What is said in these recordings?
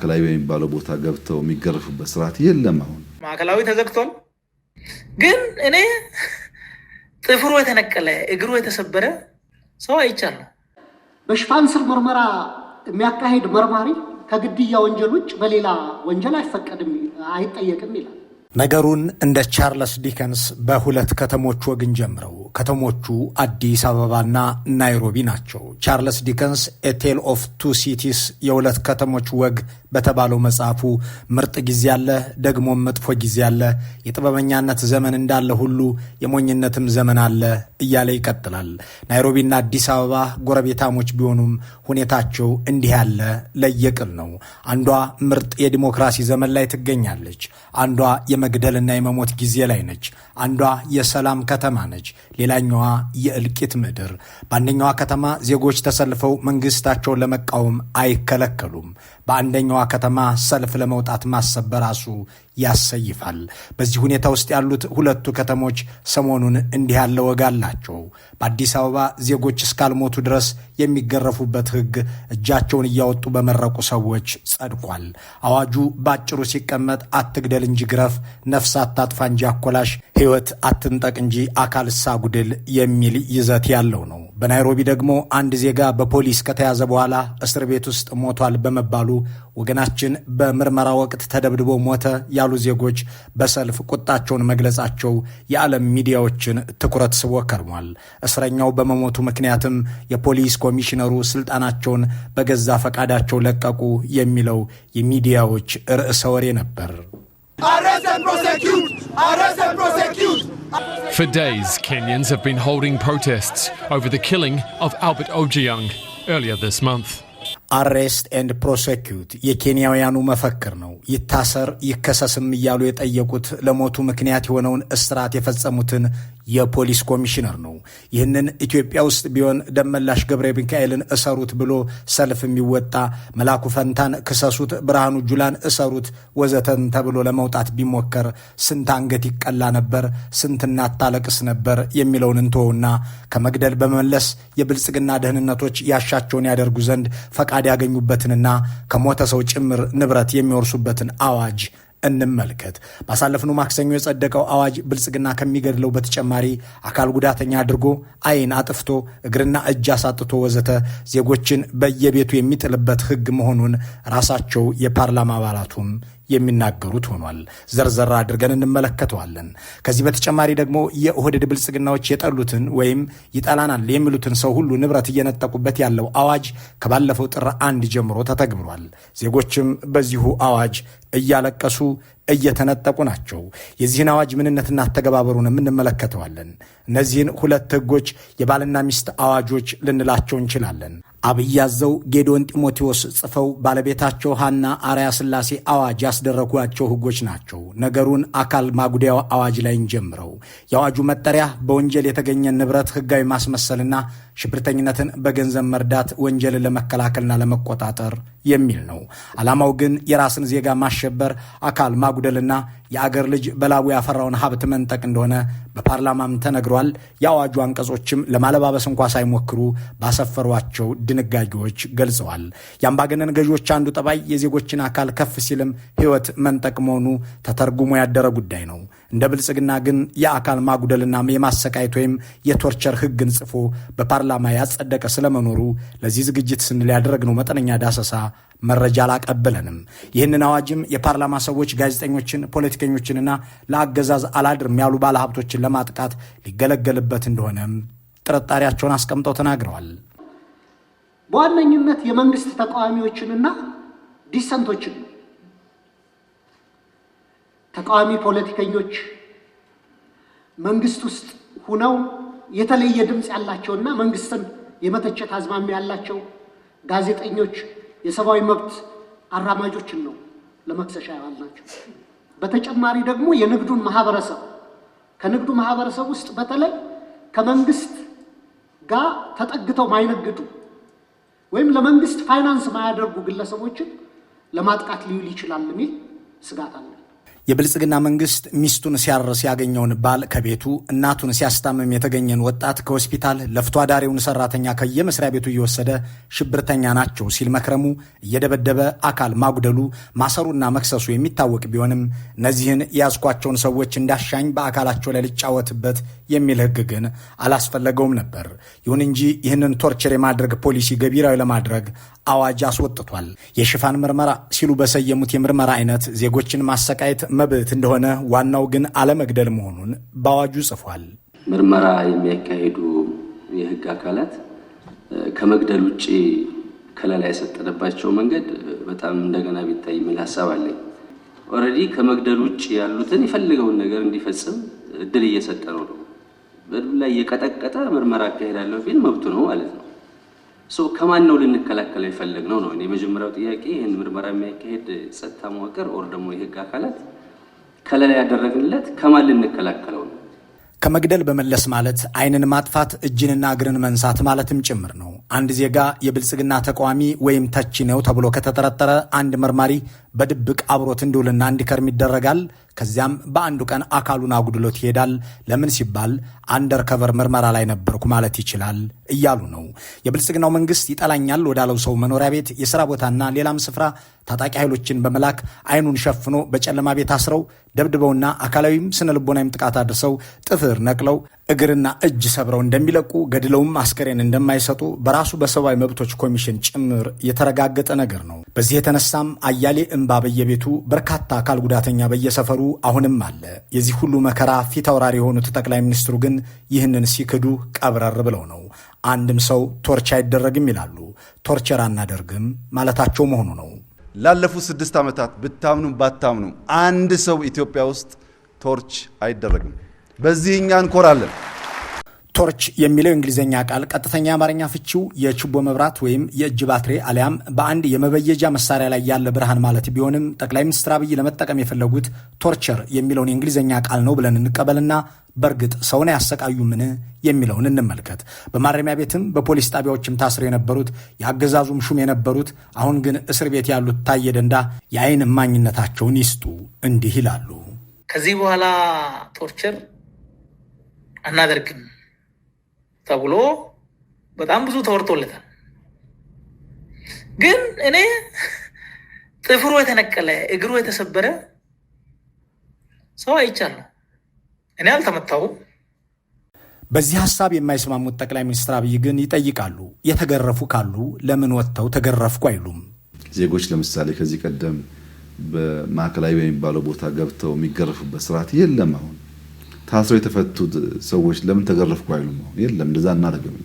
ማዕከላዊ የሚባለው ቦታ ገብተው የሚገረፉበት ስርዓት የለም። አሁን ማዕከላዊ ተዘግቷል። ግን እኔ ጥፍሩ የተነቀለ እግሩ የተሰበረ ሰው አይቻለሁ። በሽፋን ስር ምርመራ የሚያካሄድ መርማሪ ከግድያ ወንጀል ውጭ በሌላ ወንጀል አይፈቀድም፣ አይጠየቅም ይላል። ነገሩን እንደ ቻርለስ ዲከንስ በሁለት ከተሞች ወግን ጀምረው ከተሞቹ አዲስ አበባና ናይሮቢ ናቸው። ቻርለስ ዲከንስ ኤቴል ኦፍ ቱ ሲቲስ የሁለት ከተሞች ወግ በተባለው መጽሐፉ ምርጥ ጊዜ አለ፣ ደግሞ መጥፎ ጊዜ አለ፣ የጥበበኛነት ዘመን እንዳለ ሁሉ የሞኝነትም ዘመን አለ እያለ ይቀጥላል። ናይሮቢና አዲስ አበባ ጎረቤታሞች ቢሆኑም ሁኔታቸው እንዲህ ያለ ለየቅል ነው። አንዷ ምርጥ የዲሞክራሲ ዘመን ላይ ትገኛለች፣ አንዷ የመግደልና የመሞት ጊዜ ላይ ነች፣ አንዷ የሰላም ከተማ ነች። ሌላኛዋ የእልቂት ምድር። በአንደኛዋ ከተማ ዜጎች ተሰልፈው መንግስታቸውን ለመቃወም አይከለከሉም። በአንደኛዋ ከተማ ሰልፍ ለመውጣት ማሰብ በራሱ ያሰይፋል። በዚህ ሁኔታ ውስጥ ያሉት ሁለቱ ከተሞች ሰሞኑን እንዲህ ያለ ወግ አላቸው። በአዲስ አበባ ዜጎች እስካልሞቱ ድረስ የሚገረፉበት ሕግ እጃቸውን እያወጡ በመረቁ ሰዎች ጸድቋል። አዋጁ በአጭሩ ሲቀመጥ አትግደል እንጂ ግረፍ፣ ነፍስ አታጥፋ እንጂ አኮላሽ፣ ሕይወት አትንጠቅ እንጂ አካል ሳጉድል ጉድል የሚል ይዘት ያለው ነው። በናይሮቢ ደግሞ አንድ ዜጋ በፖሊስ ከተያዘ በኋላ እስር ቤት ውስጥ ሞቷል በመባሉ ወገናችን በምርመራ ወቅት ተደብድቦ ሞተ ያሉ የተባሉ ዜጎች በሰልፍ ቁጣቸውን መግለጻቸው የዓለም ሚዲያዎችን ትኩረት ስቦ ከርሟል። እስረኛው በመሞቱ ምክንያትም የፖሊስ ኮሚሽነሩ ስልጣናቸውን በገዛ ፈቃዳቸው ለቀቁ የሚለው የሚዲያዎች ርዕሰ ወሬ ነበር። For days, Kenyans have been holding protests over the killing of Albert Ojiang earlier this month. አሬስት ኤንድ ፕሮሴኪዩት የኬንያውያኑ መፈክር ነው። ይታሰር ይከሰስም እያሉ የጠየቁት ለሞቱ ምክንያት የሆነውን እስራት የፈጸሙትን የፖሊስ ኮሚሽነር ነው። ይህንን ኢትዮጵያ ውስጥ ቢሆን ደመላሽ ገብረ ሚካኤልን እሰሩት ብሎ ሰልፍ የሚወጣ መላኩ ፈንታን ክሰሱት፣ ብርሃኑ ጁላን እሰሩት ወዘተን ተብሎ ለመውጣት ቢሞከር ስንት አንገት ይቀላ ነበር፣ ስንት እናታለቅስ ነበር የሚለውን እንተወውና ከመግደል በመለስ የብልጽግና ደህንነቶች ያሻቸውን ያደርጉ ዘንድ ፈቃድ ያገኙበትንና ከሞተ ሰው ጭምር ንብረት የሚወርሱበትን አዋጅ እንመልከት። ባሳለፍነው ማክሰኞ የጸደቀው አዋጅ ብልጽግና ከሚገድለው በተጨማሪ አካል ጉዳተኛ አድርጎ ዓይን አጥፍቶ እግርና እጅ አሳጥቶ ወዘተ ዜጎችን በየቤቱ የሚጥልበት ሕግ መሆኑን ራሳቸው የፓርላማ አባላቱም የሚናገሩት ሆኗል። ዘርዘር አድርገን እንመለከተዋለን። ከዚህ በተጨማሪ ደግሞ የኦህዴድ ብልጽግናዎች የጠሉትን ወይም ይጠላናል የሚሉትን ሰው ሁሉ ንብረት እየነጠቁበት ያለው አዋጅ ከባለፈው ጥር አንድ ጀምሮ ተተግብሯል። ዜጎችም በዚሁ አዋጅ እያለቀሱ እየተነጠቁ ናቸው። የዚህን አዋጅ ምንነትና አተገባበሩን እንመለከተዋለን። እነዚህን ሁለት ህጎች የባልና ሚስት አዋጆች ልንላቸው እንችላለን። አብይ ጌዶን ጢሞቴዎስ ጽፈው ባለቤታቸው ሐና አርያ ሥላሴ አዋጅ ያስደረጓቸው ሕጎች ናቸው። ነገሩን አካል ማጉዳያው አዋጅ ላይን ጀምረው የአዋጁ መጠሪያ በወንጀል የተገኘ ንብረት ሕጋዊ ማስመሰልና ሽብርተኝነትን በገንዘብ መርዳት ወንጀልን ለመከላከልና ለመቆጣጠር የሚል ነው። ዓላማው ግን የራስን ዜጋ ማሸበር፣ አካል ማጉደልና የአገር ልጅ በላቡ ያፈራውን ሀብት መንጠቅ እንደሆነ በፓርላማም ተነግሯል። የአዋጁ አንቀጾችም ለማለባበስ እንኳ ሳይሞክሩ ባሰፈሯቸው ድንጋጌዎች ገልጸዋል። የአምባገነን ገዢዎች አንዱ ጠባይ የዜጎችን አካል ከፍ ሲልም ሕይወት መንጠቅ መሆኑ ተተርጉሞ ያደረ ጉዳይ ነው። እንደ ብልጽግና ግን የአካል ማጉደልና የማሰቃየት ወይም የቶርቸር ህግን ጽፎ በፓርላማ ያጸደቀ ስለመኖሩ ለዚህ ዝግጅት ስንል ያደረግነው መጠነኛ ዳሰሳ መረጃ አላቀበለንም። ይህንን አዋጅም የፓርላማ ሰዎች ጋዜጠኞችን፣ ፖለቲከኞችንና ለአገዛዝ አላድርም ያሉ ባለሀብቶችን ለማጥቃት ሊገለገልበት እንደሆነም ጥርጣሬያቸውን አስቀምጠው ተናግረዋል። በዋነኝነት የመንግስት ተቃዋሚዎችንና ዲሰንቶችን ተቃዋሚ ፖለቲከኞች መንግስት ውስጥ ሁነው የተለየ ድምፅ ያላቸውና መንግስትን የመተቸት አዝማሚያ ያላቸው ጋዜጠኞች፣ የሰብአዊ መብት አራማጆችን ነው ለመክሰሻ ያዋልናቸው። በተጨማሪ ደግሞ የንግዱን ማህበረሰብ ከንግዱ ማህበረሰብ ውስጥ በተለይ ከመንግስት ጋር ተጠግተው ማይነግዱ ወይም ለመንግስት ፋይናንስ ማያደርጉ ግለሰቦችን ለማጥቃት ሊውል ይችላል የሚል ስጋት አለ። የብልጽግና መንግስት ሚስቱን ሲያርስ ያገኘውን ባል ከቤቱ እናቱን ሲያስታምም የተገኘን ወጣት ከሆስፒታል ለፍቶ አዳሪውን ሰራተኛ ከየመስሪያ ቤቱ እየወሰደ ሽብርተኛ ናቸው ሲል መክረሙ፣ እየደበደበ አካል ማጉደሉ፣ ማሰሩና መክሰሱ የሚታወቅ ቢሆንም እነዚህን የያዝኳቸውን ሰዎች እንዳሻኝ በአካላቸው ላይ ልጫወትበት የሚል ህግ ግን አላስፈለገውም ነበር። ይሁን እንጂ ይህንን ቶርቸር የማድረግ ፖሊሲ ገቢራዊ ለማድረግ አዋጅ አስወጥቷል። የሽፋን ምርመራ ሲሉ በሰየሙት የምርመራ አይነት ዜጎችን ማሰቃየት መብት እንደሆነ፣ ዋናው ግን አለመግደል መሆኑን በአዋጁ ጽፏል። ምርመራ የሚያካሂዱ የህግ አካላት ከመግደል ውጭ ከለላ የሰጠነባቸው መንገድ በጣም እንደገና ቢታይ የሚል ሀሳብ አለኝ። ኦልሬዲ ከመግደል ውጭ ያሉትን የፈልገውን ነገር እንዲፈጽም እድል እየሰጠ ነው። በዱላ እየቀጠቀጠ ምርመራ አካሄዳለሁ ቢል መብቱ ነው ማለት ነው። ከማን ነው ልንከላከል የፈለግነው ነው? የመጀመሪያው ጥያቄ ይህን ምርመራ የሚያካሄድ ጸጥታ መዋቅር ኦር ደግሞ የህግ አካላት ከለላ ያደረግንለት ከማን ልንከላከለው ነው? ከመግደል በመለስ ማለት አይንን ማጥፋት እጅንና እግርን መንሳት ማለትም ጭምር ነው። አንድ ዜጋ የብልጽግና ተቃዋሚ ወይም ተቺ ነው ተብሎ ከተጠረጠረ አንድ መርማሪ በድብቅ አብሮት እንዲውልና እንዲከርም ይደረጋል። ከዚያም በአንዱ ቀን አካሉን አጉድሎት ይሄዳል። ለምን ሲባል አንደር ከቨር ምርመራ ላይ ነበርኩ ማለት ይችላል እያሉ ነው። የብልጽግናው መንግስት ይጠላኛል ወዳለው ሰው መኖሪያ ቤት፣ የሥራ ቦታና ሌላም ስፍራ ታጣቂ ኃይሎችን በመላክ አይኑን ሸፍኖ በጨለማ ቤት አስረው ደብድበውና አካላዊም ስነ ልቦናዊም ጥቃት አድርሰው ጥፍር ነቅለው እግርና እጅ ሰብረው እንደሚለቁ ገድለውም አስከሬን እንደማይሰጡ በራሱ በሰብአዊ መብቶች ኮሚሽን ጭምር የተረጋገጠ ነገር ነው። በዚህ የተነሳም አያሌ እምባ በየቤቱ በርካታ አካል ጉዳተኛ በየሰፈሩ አሁንም አለ። የዚህ ሁሉ መከራ ፊት አውራሪ የሆኑት ጠቅላይ ሚኒስትሩ ግን ይህንን ሲክዱ ቀብረር ብለው ነው። አንድም ሰው ቶርች አይደረግም ይላሉ። ቶርቸር አናደርግም ማለታቸው መሆኑ ነው። ላለፉት ስድስት ዓመታት ብታምኑም ባታምኑም አንድ ሰው ኢትዮጵያ ውስጥ ቶርች አይደረግም በዚህ እኛ እንኮራለን። ቶርች የሚለው የእንግሊዝኛ ቃል ቀጥተኛ የአማርኛ ፍቺው የችቦ መብራት ወይም የእጅ ባትሪ አሊያም በአንድ የመበየጃ መሳሪያ ላይ ያለ ብርሃን ማለት ቢሆንም ጠቅላይ ሚኒስትር አብይ ለመጠቀም የፈለጉት ቶርቸር የሚለውን የእንግሊዝኛ ቃል ነው ብለን እንቀበልና በእርግጥ ሰውን ያሰቃዩምን የሚለውን እንመልከት። በማረሚያ ቤትም በፖሊስ ጣቢያዎችም ታስረው የነበሩት የአገዛዙም ሹም የነበሩት አሁን ግን እስር ቤት ያሉት ታየ ደንዳ የአይን እማኝነታቸውን ይስጡ። እንዲህ ይላሉ። ከዚህ በኋላ ቶርቸር አናደርግም ተብሎ በጣም ብዙ ተወርቶለታል። ግን እኔ ጥፍሩ የተነቀለ እግሩ የተሰበረ ሰው አይቻለሁ። እኔ አልተመታሁም። በዚህ ሀሳብ የማይስማሙት ጠቅላይ ሚኒስትር አብይ ግን ይጠይቃሉ። የተገረፉ ካሉ ለምን ወጥተው ተገረፍኩ አይሉም? ዜጎች ለምሳሌ ከዚህ ቀደም በማዕከላዊ በሚባለው ቦታ ገብተው የሚገረፉበት ስርዓት የለም አሁን ታስረው የተፈቱት ሰዎች ለምን ተገረፍኩ አይሉም? የለም እንደዛ እናደርግም።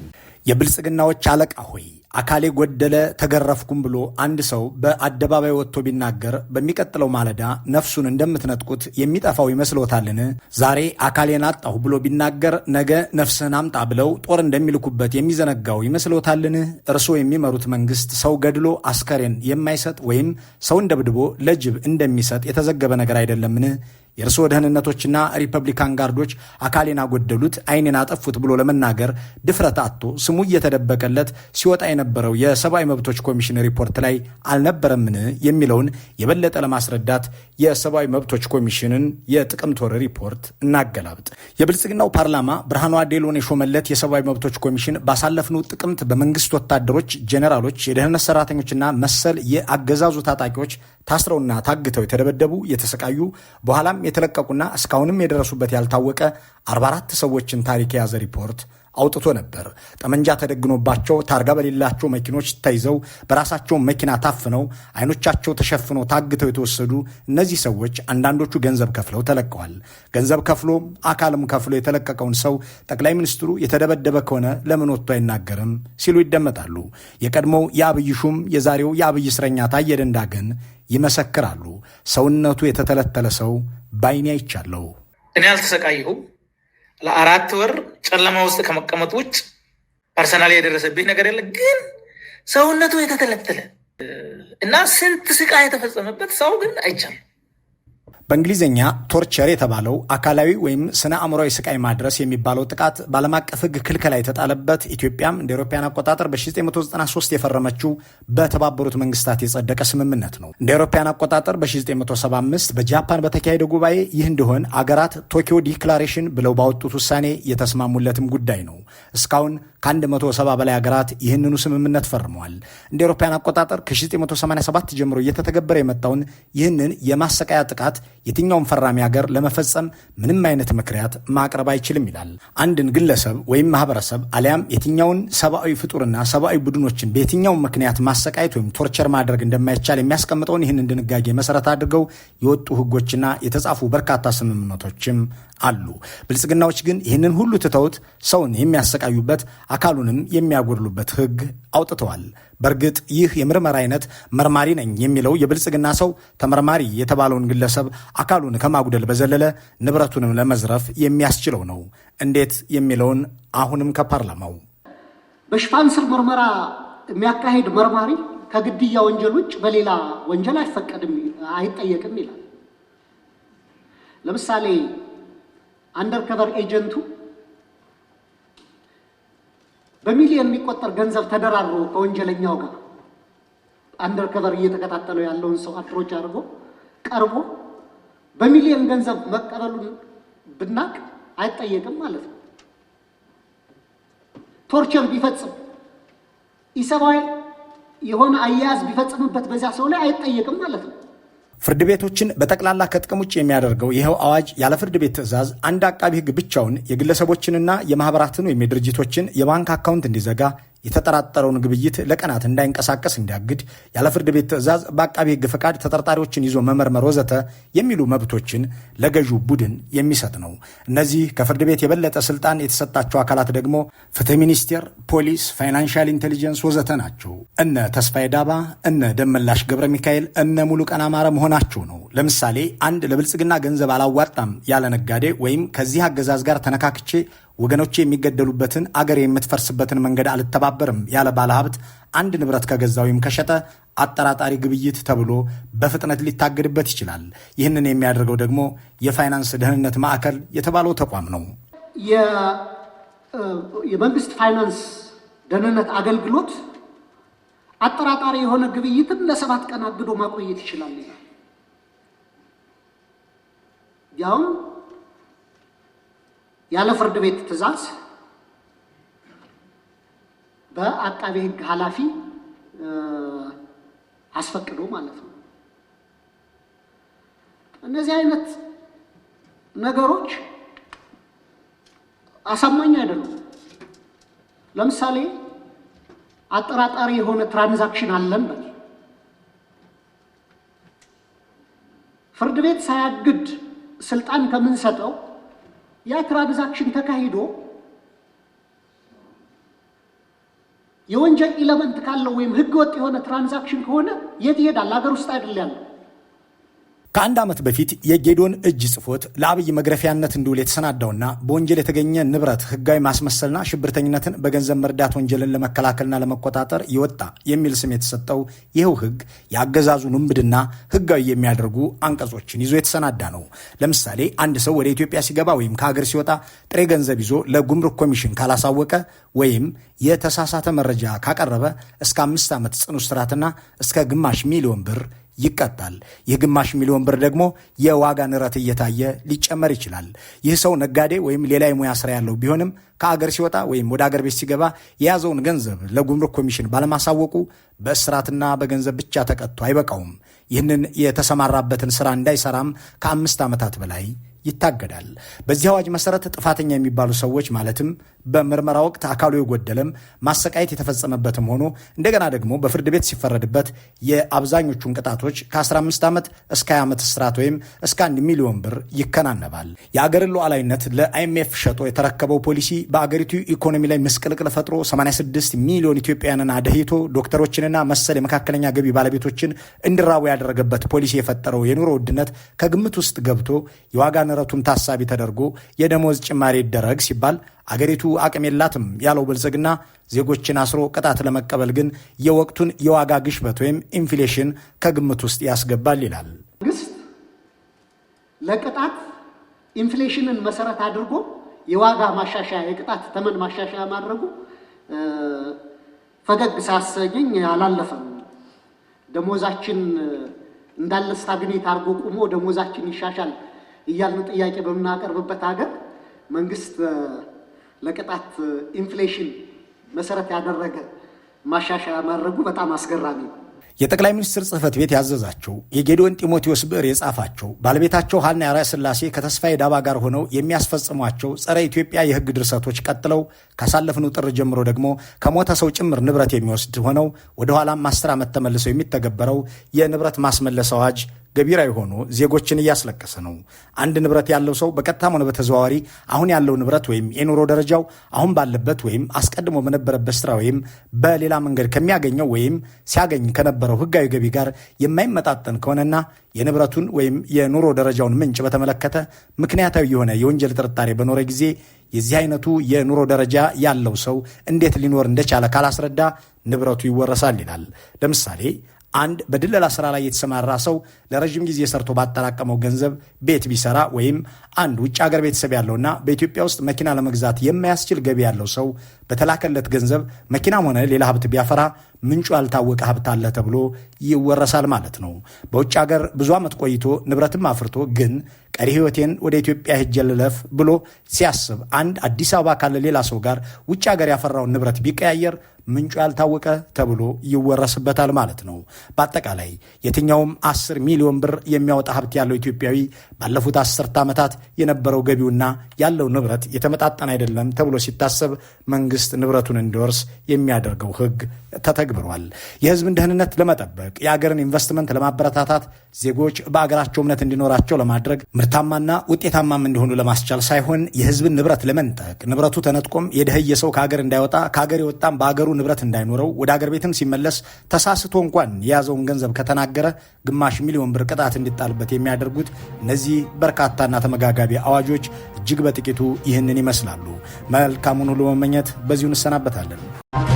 የብልጽግናዎች አለቃ ሆይ አካሌ ጎደለ ተገረፍኩም ብሎ አንድ ሰው በአደባባይ ወጥቶ ቢናገር በሚቀጥለው ማለዳ ነፍሱን እንደምትነጥቁት የሚጠፋው ይመስሎታልን? ዛሬ አካሌን አጣሁ ብሎ ቢናገር ነገ ነፍስህን አምጣ ብለው ጦር እንደሚልኩበት የሚዘነጋው ይመስሎታልን? እርስዎ የሚመሩት መንግስት ሰው ገድሎ አስከሬን የማይሰጥ ወይም ሰውን ደብድቦ ለጅብ እንደሚሰጥ የተዘገበ ነገር አይደለምን? የእርስዎ ደህንነቶችና ሪፐብሊካን ጋርዶች አካሌን አጎደሉት፣ አይኔን አጠፉት ብሎ ለመናገር ድፍረት አጥቶ ስሙ እየተደበቀለት ሲወጣ የነበረው የሰብአዊ መብቶች ኮሚሽን ሪፖርት ላይ አልነበረምን የሚለውን የበለጠ ለማስረዳት የሰብአዊ መብቶች ኮሚሽንን የጥቅምት ወር ሪፖርት እናገላብጥ። የብልጽግናው ፓርላማ ብርሃኗ ዴሎን የሾመለት የሰብአዊ መብቶች ኮሚሽን ባሳለፍነው ጥቅምት በመንግስት ወታደሮች፣ ጄኔራሎች፣ የደህንነት ሰራተኞችና መሰል የአገዛዙ ታጣቂዎች ታስረውና ታግተው የተደበደቡ የተሰቃዩ በኋላም የተለቀቁና እስካሁንም የደረሱበት ያልታወቀ 44 ሰዎችን ታሪክ የያዘ ሪፖርት አውጥቶ ነበር። ጠመንጃ ተደግኖባቸው ታርጋ በሌላቸው መኪኖች ተይዘው በራሳቸው መኪና ታፍነው አይኖቻቸው ተሸፍኖ ታግተው የተወሰዱ እነዚህ ሰዎች አንዳንዶቹ ገንዘብ ከፍለው ተለቀዋል። ገንዘብ ከፍሎ አካልም ከፍሎ የተለቀቀውን ሰው ጠቅላይ ሚኒስትሩ የተደበደበ ከሆነ ለምን ወጥቶ አይናገርም ሲሉ ይደመጣሉ። የቀድሞው የአብይ ሹም የዛሬው የአብይ እስረኛ ታየ ደንዳ ግን ይመሰክራሉ። ሰውነቱ የተተለተለ ሰው ባይኔ አይቻለሁ። እኔ አልተሰቃየሁም ለአራት ወር ጨለማ ውስጥ ከመቀመጥ ውጭ ፐርሰናል የደረሰብኝ ነገር የለ። ግን ሰውነቱ የተተለተለ እና ስንት ስቃይ የተፈጸመበት ሰው ግን አይቻልም። በእንግሊዝኛ ቶርቸር የተባለው አካላዊ ወይም ስነ አእምሯዊ ስቃይ ማድረስ የሚባለው ጥቃት በዓለም አቀፍ ሕግ ክልከላ የተጣለበት ኢትዮጵያም እንደ አውሮፓውያን አቆጣጠር በ1993 የፈረመችው በተባበሩት መንግስታት የጸደቀ ስምምነት ነው። እንደ አውሮፓውያን አቆጣጠር በ1975 በጃፓን በተካሄደ ጉባኤ ይህ እንዲሆን አገራት ቶኪዮ ዲክላሬሽን ብለው ባወጡት ውሳኔ የተስማሙለትም ጉዳይ ነው። እስካሁን ከ170 በላይ አገራት ይህንኑ ስምምነት ፈርመዋል። እንደ አውሮፓውያን አቆጣጠር ከ1987 ጀምሮ እየተተገበረ የመጣውን ይህንን የማሰቃያ ጥቃት የትኛውም ፈራሚ ሀገር ለመፈጸም ምንም አይነት ምክንያት ማቅረብ አይችልም ይላል። አንድን ግለሰብ ወይም ማህበረሰብ አሊያም የትኛውን ሰብአዊ ፍጡርና ሰብአዊ ቡድኖችን በየትኛውም ምክንያት ማሰቃየት ወይም ቶርቸር ማድረግ እንደማይቻል የሚያስቀምጠውን ይህንን ድንጋጌ መሰረት አድርገው የወጡ ህጎችና የተጻፉ በርካታ ስምምነቶችም አሉ። ብልጽግናዎች ግን ይህንን ሁሉ ትተውት ሰውን የሚያሰቃዩበት አካሉንም የሚያጎድሉበት ህግ አውጥተዋል። በእርግጥ ይህ የምርመራ አይነት መርማሪ ነኝ የሚለው የብልጽግና ሰው ተመርማሪ የተባለውን ግለሰብ አካሉን ከማጉደል በዘለለ ንብረቱንም ለመዝረፍ የሚያስችለው ነው። እንዴት የሚለውን አሁንም ከፓርላማው በሽፋን ስር ምርመራ የሚያካሄድ መርማሪ ከግድያ ወንጀል ውጭ በሌላ ወንጀል አይፈቀድም፣ አይጠየቅም ይላል። ለምሳሌ አንደር ኤጀንቱ በሚሊዮን የሚቆጠር ገንዘብ ተደራድሮ ከወንጀለኛው ጋር አንደር ከበር እየተከታተለው ያለውን ሰው አፕሮች አድርጎ ቀርቦ በሚሊዮን ገንዘብ መቀበሉን ብናቅ አይጠየቅም ማለት ነው። ቶርቸር ቢፈጽም ኢሰብአዊ የሆነ አያያዝ ቢፈጽምበት በዚያ ሰው ላይ አይጠየቅም ማለት ነው። ፍርድ ቤቶችን በጠቅላላ ከጥቅም ውጭ የሚያደርገው ይኸው አዋጅ ያለ ፍርድ ቤት ትዕዛዝ አንድ አቃቢ ሕግ ብቻውን የግለሰቦችንና የማኅበራትን ወይም የድርጅቶችን የባንክ አካውንት እንዲዘጋ የተጠራጠረውን ግብይት ለቀናት እንዳይንቀሳቀስ እንዲያግድ፣ ያለ ፍርድ ቤት ትዕዛዝ በአቃቢ ሕግ ፈቃድ ተጠርጣሪዎችን ይዞ መመርመር ወዘተ የሚሉ መብቶችን ለገዢው ቡድን የሚሰጥ ነው። እነዚህ ከፍርድ ቤት የበለጠ ስልጣን የተሰጣቸው አካላት ደግሞ ፍትህ ሚኒስቴር፣ ፖሊስ፣ ፋይናንሻል ኢንቴሊጀንስ ወዘተ ናቸው። እነ ተስፋዬ ዳባ፣ እነ ደመላሽ ገብረ ሚካኤል፣ እነ ሙሉቀን አማረ መሆናቸው ነው። ለምሳሌ አንድ ለብልጽግና ገንዘብ አላዋጣም ያለ ነጋዴ ወይም ከዚህ አገዛዝ ጋር ተነካክቼ ወገኖች የሚገደሉበትን አገር የምትፈርስበትን መንገድ አልተባበርም ያለ ባለሀብት አንድ ንብረት ከገዛ ወይም ከሸጠ አጠራጣሪ ግብይት ተብሎ በፍጥነት ሊታገድበት ይችላል። ይህንን የሚያደርገው ደግሞ የፋይናንስ ደህንነት ማዕከል የተባለው ተቋም ነው። የመንግስት ፋይናንስ ደህንነት አገልግሎት አጠራጣሪ የሆነ ግብይትን ለሰባት ቀን አግዶ ማቆየት ይችላል ይላል። ያለ ፍርድ ቤት ትዕዛዝ በአቃቤ ሕግ ኃላፊ አስፈቅዶ ማለት ነው። እነዚህ አይነት ነገሮች አሳማኝ አይደሉም። ለምሳሌ አጠራጣሪ የሆነ ትራንዛክሽን አለን በል ፍርድ ቤት ሳያግድ ስልጣን ከምንሰጠው ያ ትራንዛክሽን ተካሂዶ የወንጀል ኢለመንት ካለው ወይም ህገ ወጥ የሆነ ትራንዛክሽን ከሆነ የት ይሄዳል? ሀገር ውስጥ አይደል ያለው ከአንድ ዓመት በፊት የጌዶን እጅ ጽፎት ለአብይ መግረፊያነት እንዲውል የተሰናዳውና በወንጀል የተገኘ ንብረት ህጋዊ ማስመሰልና ሽብርተኝነትን በገንዘብ መርዳት ወንጀልን ለመከላከልና ለመቆጣጠር ይወጣ የሚል ስም የተሰጠው ይኸው ህግ የአገዛዙን ውንብድና ህጋዊ የሚያደርጉ አንቀጾችን ይዞ የተሰናዳ ነው። ለምሳሌ አንድ ሰው ወደ ኢትዮጵያ ሲገባ ወይም ከሀገር ሲወጣ ጥሬ ገንዘብ ይዞ ለጉምሩክ ኮሚሽን ካላሳወቀ ወይም የተሳሳተ መረጃ ካቀረበ እስከ አምስት ዓመት ጽኑ እስራትና እስከ ግማሽ ሚሊዮን ብር ይቀጣል። የግማሽ ሚሊዮን ብር ደግሞ የዋጋ ንረት እየታየ ሊጨመር ይችላል። ይህ ሰው ነጋዴ ወይም ሌላ የሙያ ስራ ያለው ቢሆንም ከአገር ሲወጣ ወይም ወደ አገር ቤት ሲገባ የያዘውን ገንዘብ ለጉምሩክ ኮሚሽን ባለማሳወቁ በእስራትና በገንዘብ ብቻ ተቀጥቶ አይበቃውም። ይህንን የተሰማራበትን ስራ እንዳይሰራም ከአምስት ዓመታት በላይ ይታገዳል። በዚህ አዋጅ መሰረት ጥፋተኛ የሚባሉ ሰዎች ማለትም በምርመራ ወቅት አካሉ የጎደለም ማሰቃየት የተፈጸመበትም ሆኖ እንደገና ደግሞ በፍርድ ቤት ሲፈረድበት የአብዛኞቹን ቅጣቶች ከ15 ዓመት እስከ 20 ዓመት እስራት ወይም እስከ 1 ሚሊዮን ብር ይከናነባል። የአገርን ሉዓላዊነት ለአይኤምኤፍ ሸጦ የተረከበው ፖሊሲ በአገሪቱ ኢኮኖሚ ላይ ምስቅልቅል ፈጥሮ 86 ሚሊዮን ኢትዮጵያውያንን አደሂቶ ዶክተሮችንና መሰል የመካከለኛ ገቢ ባለቤቶችን እንዲራቡ ያደረገበት ፖሊሲ የፈጠረው የኑሮ ውድነት ከግምት ውስጥ ገብቶ የዋጋ መሰረቱም ታሳቢ ተደርጎ የደሞዝ ጭማሪ ይደረግ ሲባል አገሪቱ አቅም የላትም ያለው ብልጽግና ዜጎችን አስሮ ቅጣት ለመቀበል ግን የወቅቱን የዋጋ ግሽበት ወይም ኢንፍሌሽን ከግምት ውስጥ ያስገባል ይላል። መንግስት ለቅጣት ኢንፍሌሽንን መሰረት አድርጎ የዋጋ ማሻሻያ የቅጣት ተመን ማሻሻያ ማድረጉ ፈገግ ሳያሰኘኝ አላለፈም። ደሞዛችን እንዳለ ስታግኔት አድርጎ ቁሞ ደሞዛችን ይሻሻል እያልን ጥያቄ በምናቀርብበት ሀገር መንግስት ለቅጣት ኢንፍሌሽን መሰረት ያደረገ ማሻሻያ ማድረጉ በጣም አስገራሚ ነው። የጠቅላይ ሚኒስትር ጽህፈት ቤት ያዘዛቸው የጌዲዮን ጢሞቴዎስ ብዕር የጻፋቸው ባለቤታቸው ሀና አርአያ ስላሴ ከተስፋዬ ዳባ ጋር ሆነው የሚያስፈጽሟቸው ጸረ ኢትዮጵያ የህግ ድርሰቶች ቀጥለው ካሳለፍነው ጥር ጀምሮ ደግሞ ከሞተ ሰው ጭምር ንብረት የሚወስድ ሆነው ወደኋላም አስር ዓመት ተመልሰው የሚተገበረው የንብረት ማስመለስ አዋጅ ገቢራዊ ሆኖ ዜጎችን እያስለቀሰ ነው። አንድ ንብረት ያለው ሰው በቀጥታም ሆነ በተዘዋዋሪ አሁን ያለው ንብረት ወይም የኑሮ ደረጃው አሁን ባለበት ወይም አስቀድሞ በነበረበት ስራ ወይም በሌላ መንገድ ከሚያገኘው ወይም ሲያገኝ ከነበረው ህጋዊ ገቢ ጋር የማይመጣጠን ከሆነና የንብረቱን ወይም የኑሮ ደረጃውን ምንጭ በተመለከተ ምክንያታዊ የሆነ የወንጀል ጥርጣሬ በኖረ ጊዜ የዚህ አይነቱ የኑሮ ደረጃ ያለው ሰው እንዴት ሊኖር እንደቻለ ካላስረዳ ንብረቱ ይወረሳል ይላል። ለምሳሌ አንድ በድለላ ስራ ላይ የተሰማራ ሰው ለረዥም ጊዜ ሰርቶ ባጠራቀመው ገንዘብ ቤት ቢሰራ ወይም አንድ ውጭ ሀገር ቤተሰብ ያለውና በኢትዮጵያ ውስጥ መኪና ለመግዛት የማያስችል ገቢ ያለው ሰው በተላከለት ገንዘብ መኪናም ሆነ ሌላ ሀብት ቢያፈራ ምንጩ ያልታወቀ ሀብት አለ ተብሎ ይወረሳል ማለት ነው። በውጭ ሀገር ብዙ ዓመት ቆይቶ ንብረትም አፍርቶ ግን ቀሪ ህይወቴን ወደ ኢትዮጵያ ሄጄ ልለፍ ብሎ ሲያስብ አንድ አዲስ አበባ ካለ ሌላ ሰው ጋር ውጭ ሀገር ያፈራውን ንብረት ቢቀያየር ምንጩ ያልታወቀ ተብሎ ይወረስበታል ማለት ነው። በአጠቃላይ የትኛውም አስር ሚሊዮን ብር የሚያወጣ ሀብት ያለው ኢትዮጵያዊ ባለፉት አስርት ዓመታት የነበረው ገቢውና ያለው ንብረት የተመጣጠን አይደለም ተብሎ ሲታሰብ መንግስት ንብረቱን እንዲወርስ የሚያደርገው ህግ ተተግብሯል። የህዝብን ደህንነት ለመጠበቅ የአገርን ኢንቨስትመንት ለማበረታታት ዜጎች በአገራቸው እምነት እንዲኖራቸው ለማድረግ ምርታማና ውጤታማም እንዲሆኑ ለማስቻል ሳይሆን የህዝብን ንብረት ለመንጠቅ ንብረቱ ተነጥቆም የደህየ ሰው ከሀገር እንዳይወጣ ከሀገር የወጣም በአገሩ ንብረት እንዳይኖረው ወደ አገር ቤትም ሲመለስ ተሳስቶ እንኳን የያዘውን ገንዘብ ከተናገረ ግማሽ ሚሊዮን ብር ቅጣት እንዲጣልበት የሚያደርጉት እነዚህ በርካታና ተመጋጋቢ አዋጆች እጅግ በጥቂቱ ይህንን ይመስላሉ። መልካሙን ሁሉ መመኘት በዚሁ እንሰናበታለን።